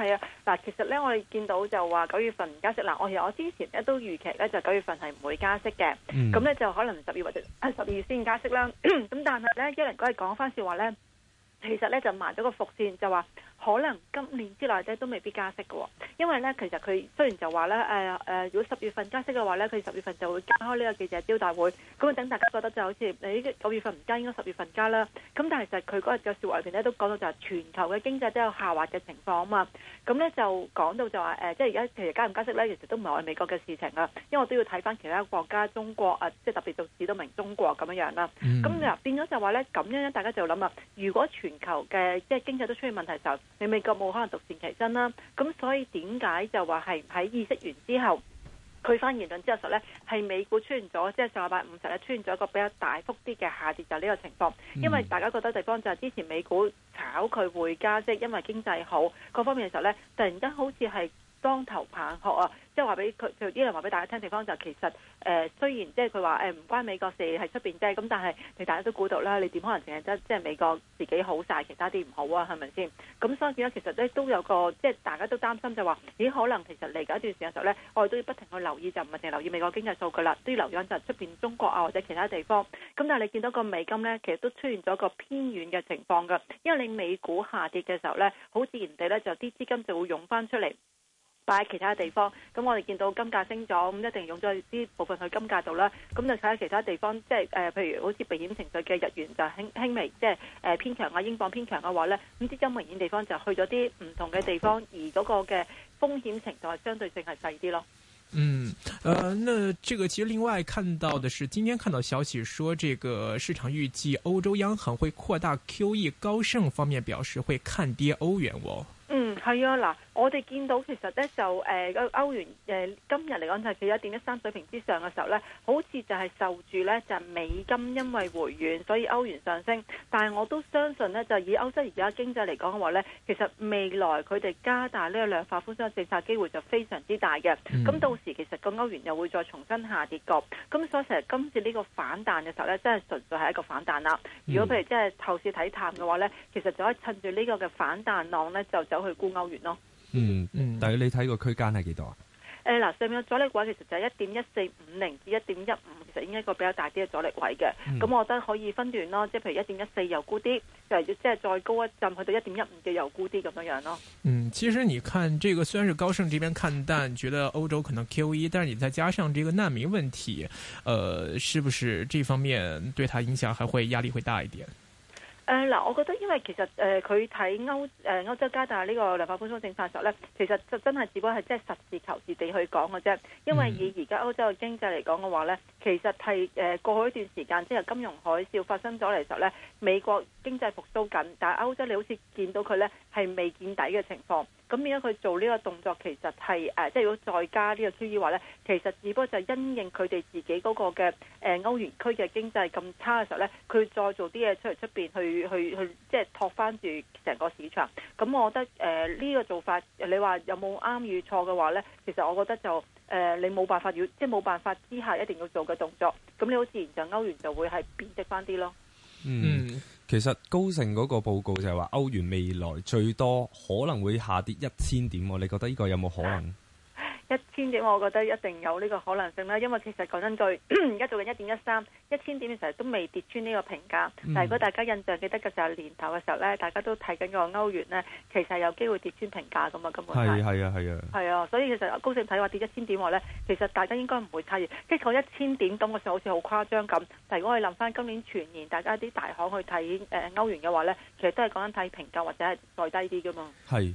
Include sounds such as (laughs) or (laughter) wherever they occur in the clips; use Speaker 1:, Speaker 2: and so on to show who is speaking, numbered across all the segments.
Speaker 1: 係啊，嗱，其實咧我哋見到就話九月份加息，嗱，我其實我之前咧都預期咧就九月份係唔會加息嘅，咁、嗯、咧就可能十月或者十二月先加息啦。咁但係咧，因為如果係講翻說話咧，其實咧就埋咗個伏線，就話。可能今年之內咧都未必加息嘅、哦，因為咧其實佢雖然就話咧誒誒，如果十月份加息嘅話咧，佢十月份就會開呢個記者招待會，咁啊等大家覺得就好似誒九月份唔加，應該十月份加啦。咁但係其實佢嗰日嘅説話入邊咧都講到就係全球嘅經濟都有下滑嘅情況啊嘛。咁咧就講到就話誒、呃，即係而家其實加唔加息咧，其實都唔係我哋美國嘅事情啊，因為我都要睇翻其他國家，中國啊，即係特別到指到明中國咁樣、嗯、那就就這樣啦。咁嗱變咗就話咧，咁樣咧大家就諗啊，如果全球嘅即係經濟都出現問題嘅時候。你美國冇可能獨善其身啦，咁所以點解就話係喺意識完之後，佢翻言論之後實呢，係美股出現咗，即、就、係、是、上禮拜五十出現咗一個比較大幅啲嘅下跌就呢、是、個情況，因為大家覺得地方就係之前美股炒佢會加息，就是、因為經濟好各方面嘅時候呢，突然間好似係。當頭棒喝啊！即係話俾佢，佢啲人話俾大家聽，地方就其實誒、呃，雖然即係佢話誒唔關美國事係出邊啫，咁但係你大家都估到啦，你點可能淨係得即係美國自己好晒，其他啲唔好啊？係咪先？咁所以見到其實咧都有個即係、就是、大家都擔心就話咦，可能其實嚟緊一段時間時候咧，我哋都要不停去留意，就唔係淨係留意美國經濟數據啦，都要留意就出邊中國啊或者其他地方。咁但係你見到個美金咧，其實都出現咗個偏軟嘅情況㗎，因為你美股下跌嘅時候咧，好自然地咧就啲資金就會湧翻出嚟。擺喺其他地方，咁我哋見到金價升咗，咁一定用咗啲部分去金價度啦。咁就睇下其他地方，即係誒、呃，譬如好似避險情緒嘅日元就輕輕微，即係誒、呃、偏強啊，英鎊偏強嘅話咧，咁啲金明顯嘅地方就去咗啲唔同嘅地方，而嗰個嘅風險程度係相對性係細啲咯。
Speaker 2: 嗯，誒、呃，呢個其實另外看到嘅，是，今天看到消息說，這個市場預計歐洲央行會擴大 QE，高盛方面表示會看跌歐元哦。
Speaker 1: 嗯，係啊，嗱。我哋見到其實咧就誒歐、呃、歐元誒、呃、今日嚟講就係喺一點一三水平之上嘅時候咧，好似就係受住咧就係美金因為回軟，所以歐元上升。但係我都相信咧就以歐洲而家經濟嚟講嘅話咧，其實未來佢哋加大呢個量化寬鬆政策機會就非常之大嘅。咁、嗯、到時其實個歐元又會再重新下跌過。咁所以成日今次呢個反彈嘅時候咧，真係純粹係一個反彈啦。如果譬如即係投資睇淡嘅話咧、嗯，其實就可以趁住呢個嘅反彈浪咧就走去沽歐元咯。
Speaker 3: 嗯嗯，但係你睇個區間係幾多啊？
Speaker 1: 誒嗱，上面嘅阻力位其實就係一點一四五零至一點一五，其實應該一個比較大啲嘅阻力位嘅。咁我覺得可以分段咯，即係譬如一點一四又沽啲，即係再高一陣去到一點一五嘅又沽啲咁樣樣咯。嗯，
Speaker 2: 其實你看，這個雖然是高盛這邊看淡，但覺得歐洲可能 QE，但是你再加上這個難民問題，呃，是不是這方面對它影響還會壓力會大一點？
Speaker 1: 誒、呃、嗱，我覺得因為其實誒佢睇歐誒歐洲加大呢個量化寬鬆政策嘅時候咧，其實就真係只不過係即係實事求是地去講嘅啫。因為以而家歐洲嘅經濟嚟講嘅話咧，其實係誒、呃、過去一段時間，即係金融海嘯發生咗嚟時候咧，美國經濟復甦緊，但係歐洲你好似見到佢咧係未見底嘅情況。咁變咗佢做呢個動作，其實係誒、呃、即係如果再加這個推呢個 QE 話咧，其實只不過就因應佢哋自己嗰個嘅誒歐元區嘅經濟咁差嘅時候咧，佢再做啲嘢出嚟出面去。去去即係托翻住成個市場，咁我覺得誒呢、呃這個做法，你話有冇啱與錯嘅話呢？其實我覺得就誒、呃、你冇辦法要，即係冇辦法之下一定要做嘅動作，咁你好自然就歐元就會係貶值翻啲咯。嗯，
Speaker 3: 其實高盛嗰個報告就係話歐元未來最多可能會下跌一千點，你覺得呢個有冇可能？啊。
Speaker 1: 一千點，我覺得一定有呢個可能性啦。因為其實講真句，而家做緊一點一三，一千點嘅時候都未跌穿呢個評價，嗯。但如果大家印象記得嘅就係年頭嘅時候咧，大家都睇緊個歐元咧，其實有機會跌穿評價噶嘛。根本係係啊係啊係啊，所以其實高盛睇話跌一千點話咧，其實大家應該唔會太熱。即係講一千點咁嘅時候，好似好誇張咁。但如果我哋諗翻今年全年，大家啲大行去睇誒、呃、歐元嘅話咧，其實都係講緊睇評價或者係再低啲噶嘛。
Speaker 3: 係。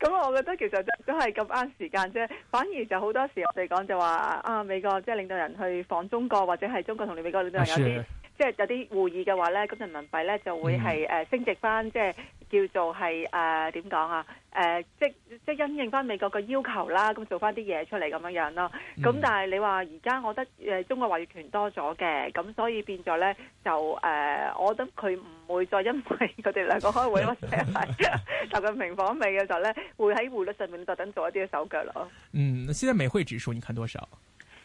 Speaker 1: 咁我覺得其實都係咁啱時間啫，反而就好多時我哋講就話啊，美國即係領導人去訪中國或者係中國同你美國領導人有啲即係有啲會、就是、議嘅話今天呢，咁人民幣呢就會係、嗯、升值翻即係。就是叫做係誒，點講啊，誒，即即因應翻美國嘅要求啦，咁做翻啲嘢出嚟咁樣樣咯。咁、嗯、但係你話而家，我覺得誒中國話語權多咗嘅，咁所以變咗咧就誒、呃，我覺得佢唔會再因為佢哋兩個開會或者係受緊平房未嘅時候咧，會喺匯率上面特登做一啲手腳咯。嗯，
Speaker 2: 現在美匯指數你看多少？
Speaker 1: 誒、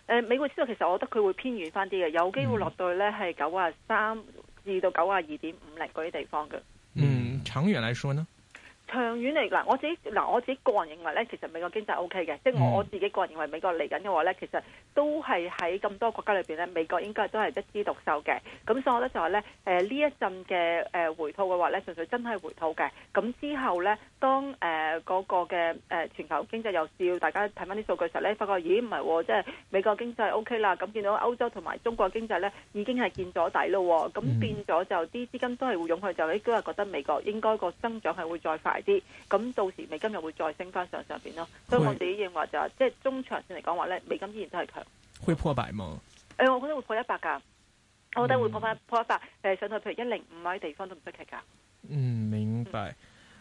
Speaker 1: 呃，美匯指數其實我覺得佢會偏軟翻啲嘅，有機會落到咧係九啊三至到九啊二點五零嗰啲地方嘅。
Speaker 2: 長遠來說呢？
Speaker 1: 長遠嚟嗱，我自己嗱我自己個人認為咧，其實美國經濟 O K 嘅，即係我自己個人認為美國嚟緊嘅話咧，其實都係喺咁多國家裏邊咧，美國應該都係一枝獨秀嘅。咁所以我覺得就話咧，誒、呃、呢一陣嘅誒回吐嘅話咧，純粹真係回吐嘅。咁之後咧，當誒嗰、呃、個嘅誒全球經濟又照大家睇翻啲數據嘅時候咧，發覺咦唔係喎，即係美國經濟 O K 啦。咁見到歐洲同埋中國經濟咧已經係見咗底咯，咁變咗就啲資、嗯、金都係會湧去，就應該係覺得美國應該個增長係會再快。啲咁到時美金又會再升翻上上邊咯。所以我自己認為就係、是、即係中長線嚟講話咧，美金依然都係強。
Speaker 2: 會破百嗎？誒、
Speaker 1: 欸，我覺得會破一百㗎。我覺得會破翻破一百誒，上到譬如一零五啲地方都唔出奇㗎。嗯，
Speaker 2: 明白。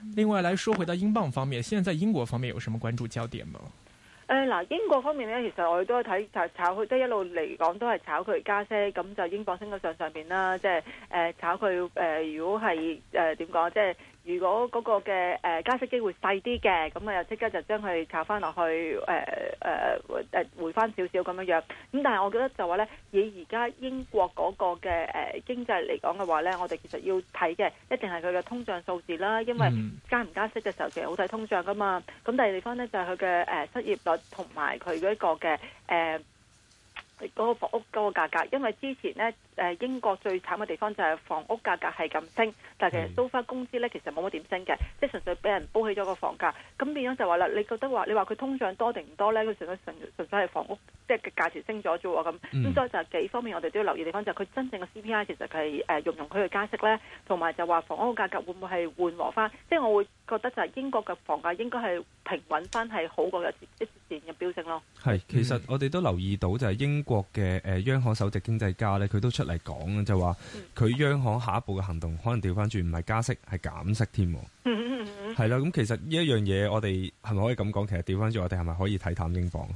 Speaker 2: 嗯、另外嚟説回到英鎊方面，現在在英國方面有什麼關注焦點嗎？
Speaker 1: 誒、呃、嗱，英國方面咧，其實我哋都係睇就炒佢，即係一路嚟講都係炒佢加息，咁就英鎊升到上上邊啦。即係誒、呃、炒佢誒、呃，如果係誒點講即係。如果嗰個嘅誒加息機會細啲嘅，咁啊即刻就將佢炒翻落去誒誒誒回翻少少咁樣樣。咁但係我覺得就話咧，以而家英國嗰個嘅誒經濟嚟講嘅話咧，我哋其實要睇嘅一定係佢嘅通脹數字啦，因為加唔加息嘅時候其實好睇通脹噶嘛。咁第二地方咧就係佢嘅誒失業率同埋佢嗰個嘅誒嗰個房屋嗰個價格，因為之前咧。誒英國最慘嘅地方就係房屋價格係咁升，但係其實租翻工資咧其實冇乜點升嘅，即係純粹俾人煲起咗個房價，咁變咗就話啦，你覺得話你話佢通脹多定唔多咧？佢純粹純純粹係房屋即係、就是、價錢升咗啫喎咁。咁所以、嗯、就係幾方面我哋都要留意地方就係、是、佢真正嘅 CPI 其實係誒容唔容佢嘅加息咧？同埋就話房屋價格會唔會係緩和翻？即係我會覺得就係英國嘅房價應該係平穩翻係好過嘅一線嘅飆升咯。
Speaker 3: 係，其實我哋都留意到就係英國嘅誒、呃、央行首席經濟家咧，佢都出。嚟講就話、是、佢央行下一步嘅行動可能調翻轉，唔係加息係減息添，係啦。咁其實呢一樣嘢，我哋係咪可以咁講？其實調翻轉，我哋係咪可以睇淡英鎊？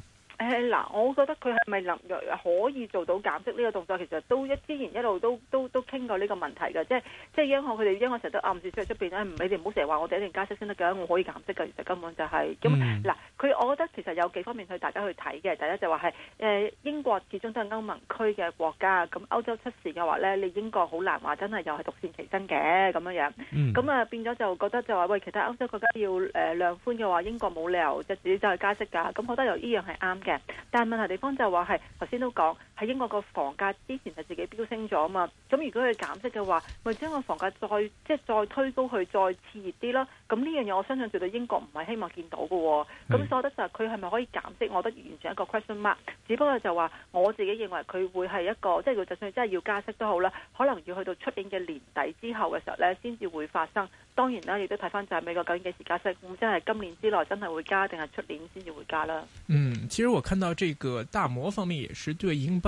Speaker 1: 嗱，我覺得佢係咪能可以做到減息呢個動作？其實都一之前一路都都都傾過呢個問題嘅，即係即係英國佢哋因為成日都暗示出出出邊咧，你哋唔好成日話我哋一定要加息先得㗎，我可以減息㗎，其實根本就係、是、咁。嗱，佢、嗯、我覺得其實有幾方面去大家去睇嘅，第一就話係誒英國始終都係歐盟區嘅國家，咁歐洲出事嘅話咧，你英國好難話真係又係獨善其身嘅咁樣樣。咁、嗯、啊變咗就覺得就話喂，其他歐洲國家要誒、呃、量寬嘅話，英國冇理由就自己走去加息㗎。咁覺得又依樣係啱嘅。但問題地方就係話係頭先都講。喺英國個房價之前係自己飆升咗啊嘛，咁如果佢減息嘅話，咪將個房價再即係再推高去，再次熱啲咯。咁呢樣嘢我相信絕對英國唔係希望見到嘅喎。咁、嗯、所以我覺得就係佢係咪可以減息，我覺得完全一個 question mark。只不過就話我自己認為佢會係一個，即係就算真係要加息都好啦，可能要去到出年嘅年底之後嘅時候咧，先至會發生。當然啦，亦都睇翻就係美國究竟幾時加息，咁真係今年之內真係會加定係出年先至會加啦。嗯，
Speaker 2: 其實我看到這個大摩方面也是對英國。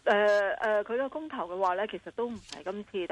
Speaker 1: 誒、呃、誒，佢、呃、個公投嘅話咧，其實都唔係今次第一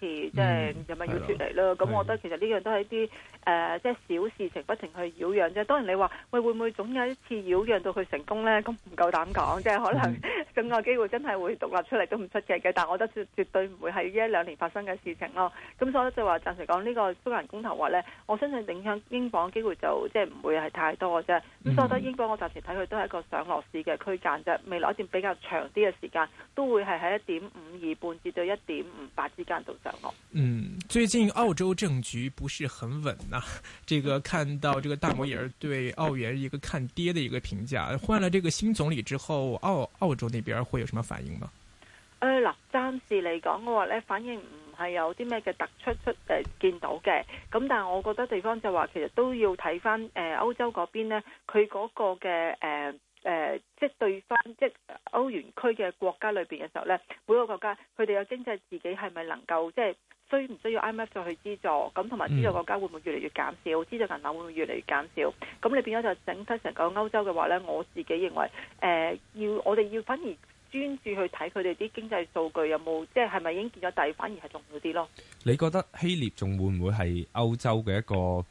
Speaker 1: 次，即係有冇要脱離咯。咁我覺得其實呢樣都係一啲誒，即、呃、係、就是、小事情不停去擾攘啫。當然你話喂會唔會總有一次擾攘到佢成功咧？咁唔夠膽講，即、就、係、是、可能咁個 (laughs) 機會真係會獨立出嚟都唔出奇嘅。但係我覺得絕絕對唔會係呢一兩年發生嘅事情咯。咁所以就話暫時講呢、這個蘇格蘭公投話咧，我相信影響英鎊嘅機會就即係唔會係太多嘅啫。咁、嗯、所以我覺得英鎊我暫時睇佢都係一個上落市嘅區間啫。未來一段比較長啲嘅時間。都會係喺一點五二半至到一點五八之間度上落。嗯，
Speaker 2: 最近澳洲政局不是很穩呐、啊。這個看到這個大摩也對澳元一個看跌的一個評價。換了這個新總理之後，澳澳洲那邊會有什麼反應嗎？
Speaker 1: 誒，嗱，暫時嚟講，我話反應唔係有啲咩嘅突出出誒、呃、見到嘅。咁但係我覺得地方就話，其實都要睇返誒歐洲嗰邊呢，佢嗰個嘅誒。呃誒、呃，即係對方，即歐元區嘅國家裏面嘅時候呢，每個國家佢哋有經濟自己係咪能夠即係需唔需要 IMF 再去資助？咁同埋資助國家會唔會越嚟越減少？資助銀行會唔會越嚟越減少？咁你變咗就整體成個歐洲嘅話呢，我自己認為誒、呃，要我哋要反而專注去睇佢哋啲經濟數據有冇即係係咪已經見咗底，反而係重要啲咯？
Speaker 3: 你覺得希臘仲會唔會係歐洲嘅一個？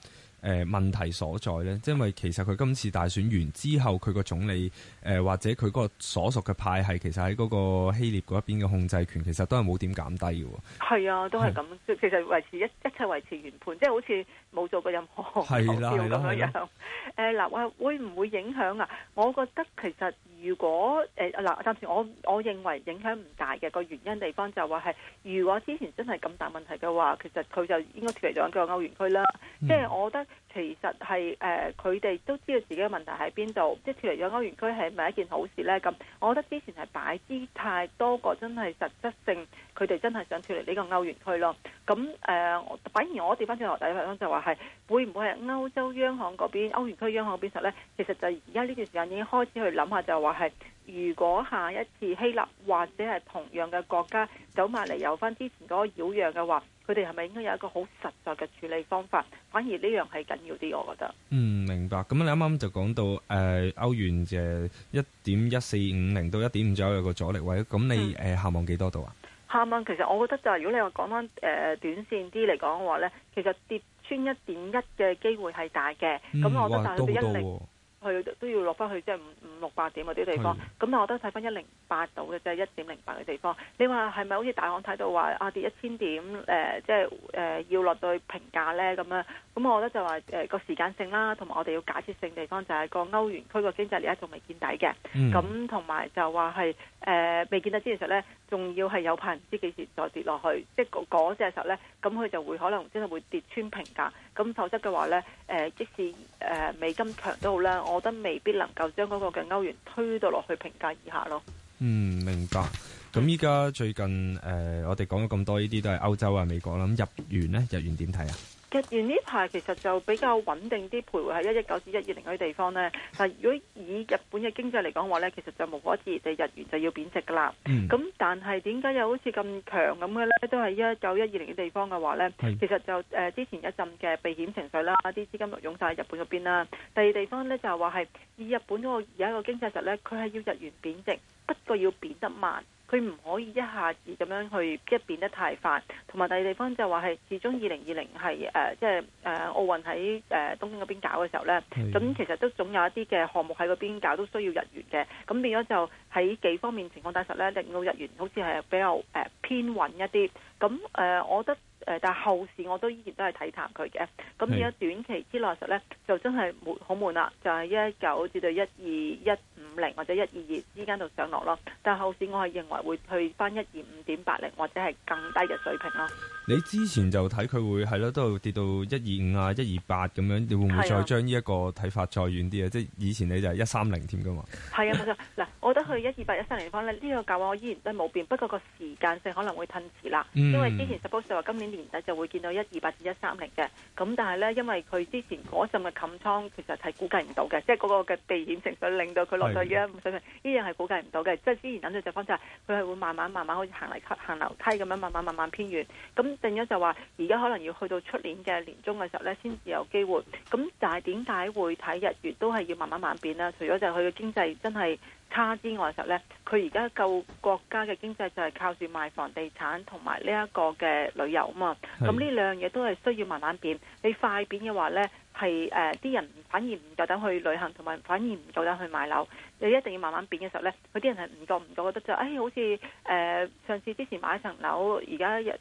Speaker 3: 誒，問題所在咧，即係因為其實佢今次大選完之後，佢個總理誒、呃、或者佢嗰個所屬嘅派系，其實喺嗰個希臘嗰一邊嘅控制權，其實都係冇點減低嘅。
Speaker 1: 係啊，都係咁，其實維持一一切維持原判，即、就、係、是、好似冇做過任何投票咁樣樣。誒、呃、嗱，話會唔會影響啊？我覺得其實如果誒嗱、呃呃、暫時我我認為影響唔大嘅個原因地方就話係，如果之前真係咁大問題嘅話，其實佢就應該脫離咗個歐元區啦。即、嗯、係、就是、我覺得。其實係誒，佢、呃、哋都知道自己嘅問題喺邊度，即係脱離咗歐元區係咪一件好事呢？咁我覺得之前係擺姿態多過真係實質性，佢哋真係想脱離呢個歐元區咯。咁、呃、反而我掉翻轉頭睇翻就話係會唔會係歐洲央行嗰邊、歐元區央行嗰邊實呢？其實就而家呢段時間已經開始去諗下，就話係。如果下一次希臘或者係同樣嘅國家走埋嚟有翻之前嗰個擾攘嘅話，佢哋係咪應該有一個好實在嘅處理方法？反而呢樣係緊要啲，我覺得。嗯，
Speaker 3: 明白。咁啊，你啱啱就講到誒歐元嘅一點一四五零到一點五左右個阻力位，咁你誒下望幾多度啊？
Speaker 1: 下望其實我覺得就係如果你話講翻誒短線啲嚟講嘅話咧，其實跌穿一點一嘅機會係大嘅。
Speaker 3: 嗯，咁我覺得，但係。
Speaker 1: 佢都要落翻去即係五五六百點嗰啲地方，咁但我都睇翻一零八到嘅啫，一點零八嘅地方。你話係咪好似大行睇到話啊跌一千點？誒、呃，即係誒、呃、要落到去平價咧咁啊？咁我覺得就話誒個時間性啦，同埋我哋要假設性地方就係、是、個歐元區個經濟咧仲未見底嘅。咁同埋就話係誒未見底之前時候咧，仲要係有排唔知幾時再跌落去，即係嗰嗰隻時候咧，咁佢就會可能真係、就是、會跌穿平價。咁否則嘅話咧，誒、呃、即使誒、呃、美金強都好啦，我我覺得未必能夠將嗰個嘅歐元推到落去評價以下咯。嗯，
Speaker 3: 明白。咁依家最近誒、呃，我哋講咗咁多呢啲都係歐洲啊、美國啦。咁日元咧，日元點睇啊？
Speaker 1: 日元呢排其實就比較穩定啲，徘徊喺一一九至一二零嗰啲地方呢。但係如果以日本嘅經濟嚟講話呢，其實就無可避免日元就要貶值㗎啦。咁但係點解又好似咁強咁嘅呢？都係一一九、一二零嘅地方嘅話呢，其實就誒、嗯呃、之前一陣嘅避險情緒啦，啲資金就湧曬喺日本嗰邊啦。第二地方呢，就係話係以日本嗰個有一個經濟實力呢，佢係要日元貶值。不過要變得慢，佢唔可以一下子咁樣去，即係變得太快。同埋第二地方就係話係始終二零二零係誒，即係誒奧運喺誒、呃、東京嗰邊搞嘅時候咧，咁其實都總有一啲嘅項目喺嗰邊搞都需要日元嘅，咁變咗就喺幾方面情況底下實咧令到日元好似係比較誒、呃、偏穩一啲。咁誒、呃，我覺得。誒，但係後市我都依然都係睇淡佢嘅。咁而家短期之內實呢就真係好悶啦，就係一九至到一二一五零或者一二二之間度上落咯。但係後市我係認為會去翻一二五點八零或者係更低嘅水平咯。
Speaker 3: 你之前就睇佢會係咯，都跌到一二五啊、一二八咁樣，你會唔會再將呢一個睇法再遠啲啊？即係以前你就係一三零添㗎嘛。係
Speaker 1: 啊，冇錯。嗱，我覺得去一二八、一三零方咧，呢個價位我依然都冇變，不過個時間性可能會褪遲啦、嗯。因為之前 suppose 話今年年底就會見到一二八至一三零嘅。咁但係咧，因為佢之前嗰陣嘅冚倉，其實係估計唔到嘅，即係嗰個嘅避險情緒令到佢落咗水嘅。冇所謂，呢樣係估計唔到嘅。即係之前諗嘅地方就係佢係會慢慢慢慢好似行嚟行樓梯咁樣，慢慢慢慢偏遠咁。定咗就話，而家可能要去到出年嘅年中嘅時候咧，先至有機會。咁就係點解會睇日元都係要慢慢慢變啦？除咗就係佢嘅經濟真係差之外嘅時候咧，佢而家個國家嘅經濟就係靠住賣房地產同埋呢一個嘅旅遊啊嘛。咁呢兩嘢都係需要慢慢變。你快變嘅話咧？係誒，啲、呃、人反而唔夠膽去旅行，同埋反而唔夠膽去買樓。你一定要慢慢變嘅時候咧，佢啲人係唔覺唔覺覺得就，誒、哎，好似誒、呃、上次之前買一層樓，而家誒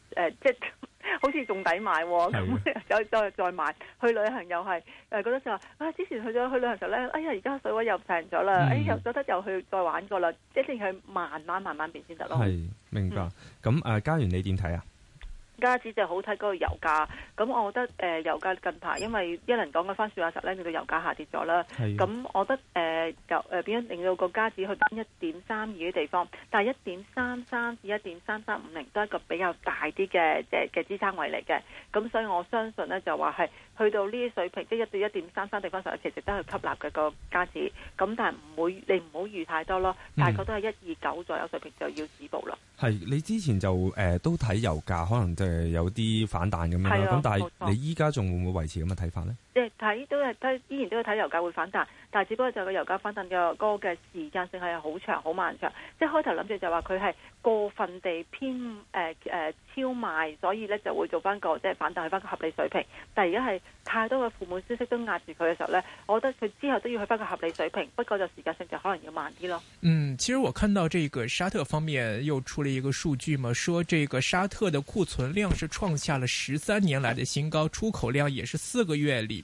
Speaker 1: 即係好似仲抵買，咁再再再買去旅行又係誒覺得就，啊，之前去咗去旅行時候咧，哎呀，而家水位又平咗啦，哎又覺得又去再玩過啦，一定去係慢慢慢慢變先得咯。係，
Speaker 3: 明白。咁、嗯、誒，嘉源你點睇啊？
Speaker 1: 加指就好睇嗰個油價，咁我覺得誒、呃、油價近排因為一輪講緊翻數碼十咧，令到油價下跌咗啦。咁我覺得誒油誒變咗令到個加指去到一點三二嘅地方，但係一點三三至一點三三五零都係一個比較大啲嘅即嘅支撐位嚟嘅，咁所以我相信咧就話係。去到呢啲水平，即係一到一點三三地方上，其實都係吸納嘅個價值。咁但係唔會，你唔好預太多咯。大概都係一二九左右水平就要止步啦。
Speaker 3: 係你之前就誒、呃、都睇油價，可能就係有啲反彈咁樣啦。咁但係你依家仲會唔會維持咁嘅睇法咧？
Speaker 1: 即係睇都係睇，依然都要睇油價會反彈，但係只不過就個油價反彈嘅嗰個嘅時間性係好長、好漫長。即係開頭諗住就話佢係過分地偏誒誒超賣，所以咧就會做翻個即係反彈去翻個合理水平。但係而家係太多嘅負面消息都壓住佢嘅時候咧，我覺得佢之後都要去翻個合理水平，不過就時間性就可能要慢啲咯。嗯，
Speaker 2: 其實我看到這個沙特方面又出了一個數據嘛，說這個沙特嘅庫存量是創下了十三年來的新高，出口量也是四個月裏。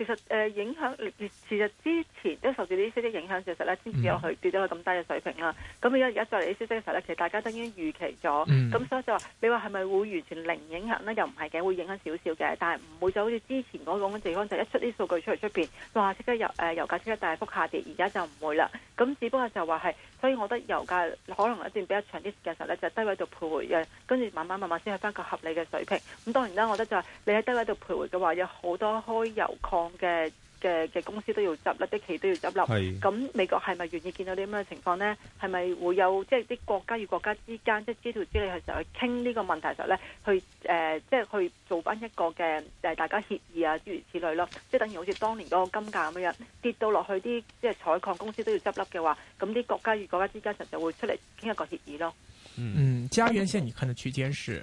Speaker 1: 其實誒、呃、影響，其實之前都受住啲息息影響，其實咧先至有去跌咗去咁低嘅水平啦。咁而家而家再嚟啲消息嘅時候咧，其實大家都已經預期咗。咁、mm. 所以就話你話係咪會完全零影響咧？又唔係嘅，會影響少少嘅，但係唔會就好似之前嗰種地方，就是、一出啲數據出嚟出面，哇！即刻油誒、呃、油價即刻大幅下跌。而家就唔會啦。咁只不過就話係，所以我覺得油價可能一段比較長啲時間嘅時候咧，就是、低位度徘徊，跟住慢慢慢慢先去翻個合理嘅水平。咁當然啦，我覺得就係、是、你喺低位度徘徊嘅話，有好多開油礦。嘅嘅嘅公司都要執笠，啲企業都要執笠。咁美國係咪願意見到呢啲咁嘅情況呢？係咪會有即係啲國家與國家之間，即係知到知你嘅就去傾呢個問題嘅時候咧，去即、呃就是，去做翻一個嘅大家協議啊，諸如此類咯。即係等於好似當年嗰個金價咁樣，跌到落去啲，即係採礦公司都要執笠嘅話，咁啲國家與國家之間就會出嚟傾一個協議咯。嗯，
Speaker 2: 加元現時嘅區間是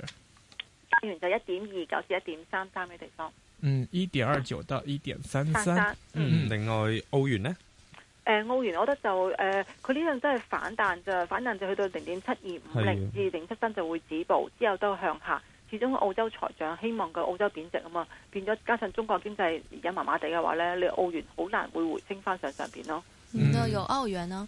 Speaker 1: 加元就一點二九至一點三三嘅地方。
Speaker 3: 嗯，一點二九到一點三三，嗯，另外、嗯、澳元呢？
Speaker 1: 誒、呃，澳元我覺得就誒，佢呢樣真係反彈就反彈就去到零點七二五零至零七三就會止步，之後都向下。始終澳洲財長希望個澳洲貶值啊嘛、嗯，變咗加上中國經濟而家麻麻地嘅話咧，你澳元好難會回升翻上上邊咯。嗯，到有澳元呢